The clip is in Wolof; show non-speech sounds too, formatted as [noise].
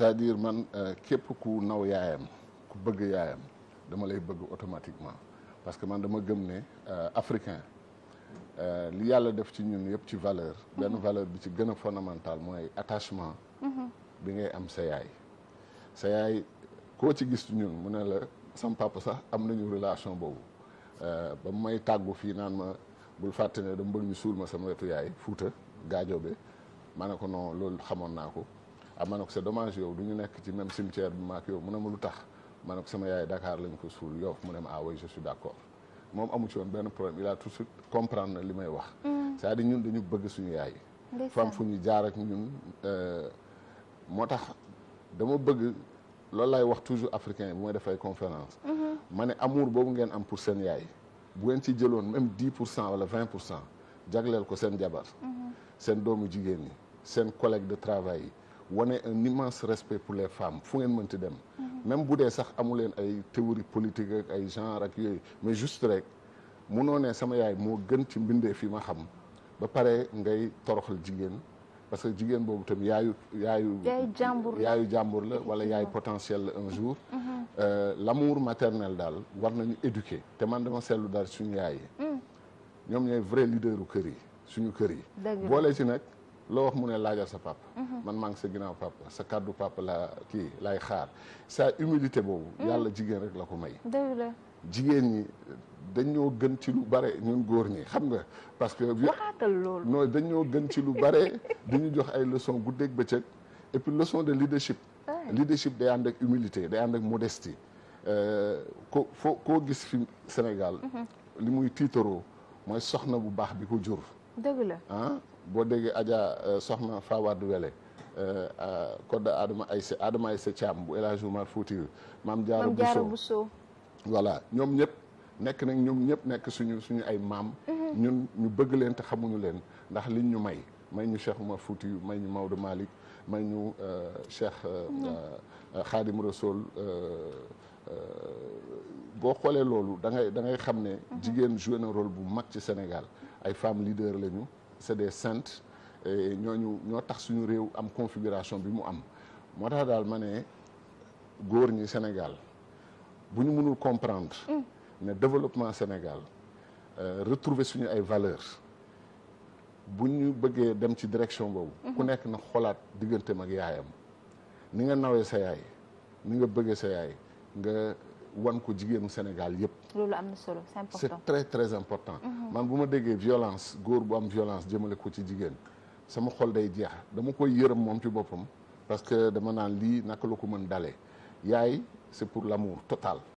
cest diir dire man euh, képp ku naw yaayam ku bëgg yaayam dama lay bëgg automatiquement parce que man dama gëm ne euh, africain euh, li yàlla def ci ñun yëpp ci valeur benn mhm. valeur bi ci gën a fondamental mooy attachement mhm. bi ngay am sa yaay sa yaay koo ci gis ñun mu ne la sam sax am nañu relation boobu ba may tàggu fii naan ma bul fàtte ne dama bëgg ñu suul ma sama wetu yaay fuuta gaajoobe ma ne ko non loolu xamoon naa ko ah ma ne ko c'est dommage yow du ñu nekk ci même cimetière bi maak yow mu ne ma lu tax ma ko sama yaay Dakar lañ ko suul yow mu ne ma ah oui moom amu ci woon benn problème il a tout suite comprendre li may wax. Mm. cest di ñun dañu bëgg suñu yaay. fam fu ñu jaar ak ñun euh, moo tax dama bëgg loolu laay wax toujours africain bu may def ay conférence mm-hmm. ma ne amour boobu ngeen am pour seen yaay bu ngeen ci jëloon même dix pour cent wala vingt pour cent jagleel ko seen jabar mm-hmm. seen doomu jigéen ñi seen collègue de travail yi wane un immense respect pour les femmes fu ngeen mënti dem mhm. même bu dee sax amu leen ay théorie politique ak ay genre ak yooyu mais juste rek munoo ne sama yaay moo gën ci mbindee fi ma xam ba pare ngay toroxal jigéen parce que jigéen boobu tam yaayu yaayu yaayu jàmbur la wala yaay potentiel la un jour mhm. euh, l'amour maternel daal war nañu éduquer te man dama seetlu daal suñu yaay yi mm. ñoom ñooy vrai leader kër yi suñu kër yi boole ci nag loo wax mu ne laajal sa papa. Mhm. man maa ngi sa ginnaaw papa sa kàddu papa la kii lay xaar sa humilité boobu. Mhm. yàlla jigéen rek la ko may. jigéen ñi dañ ñoo gën ci lu bare ñun góor ñi xam nga. parce que waxaatal loolu. non dañoo gën ci lu bare [laughs] di ñu jox ay leçon guddeeg bëccëg et puis leçon de leadership. leadership day ànd ak humilité day ànd ak modestie. Euh, ko foo koo gis fi Sénégal. Mhm. li muy tiitaroo mooy soxna bu baax bi ko jur. dëgg la ah boo déggee Adja euh, soxna Fawad Wele Kodda euh, euh, Adama Aïssé Adama Aïssé Thiam bu El Hadj Oumar Foutiyou Maam Jaara Bousso voilà ñoom ñëpp nekk nag ñoom ñëpp nekk suñu suñu ay maam mhm. ñun ñu bëgg leen te xamuñu leen ndax liñ ñu may may ñu Cheikh Oumar yu may ñu Maodo Malick may ñu Cheikh mhm. Khadim Rasoul boo xoolee loolu da ngay da ngay xam ne mhm. jigéen joué na bu mag ci Sénégal ay femmes leaders lañu c'est des saintes et ñooñu ñoo tax suñu réew am configuration bi mu am moo tax daal ma ne góor ñi Sénégal bu ñu mënul comprendre mm. ne développement Sénégal euh, retrouver suñu ay valeurs bu ñu bëggee dem ci direction boobu mm-hmm. ku nekk na xoolaat diggante ak yaayam ni nga nawee sa yaay ni nga bëggee sa yaay wan ko jigéenu Sénégal yëpp. loolu solo c'est important très très important. Mhm. man bu ma déggee violence góor bu am violence jëmale ko ci jigéen sama xol day jeex dama koy yërëm moom ci boppam parce que dama naan lii naka la ko mën dalee yaay c'est pour l'amour total.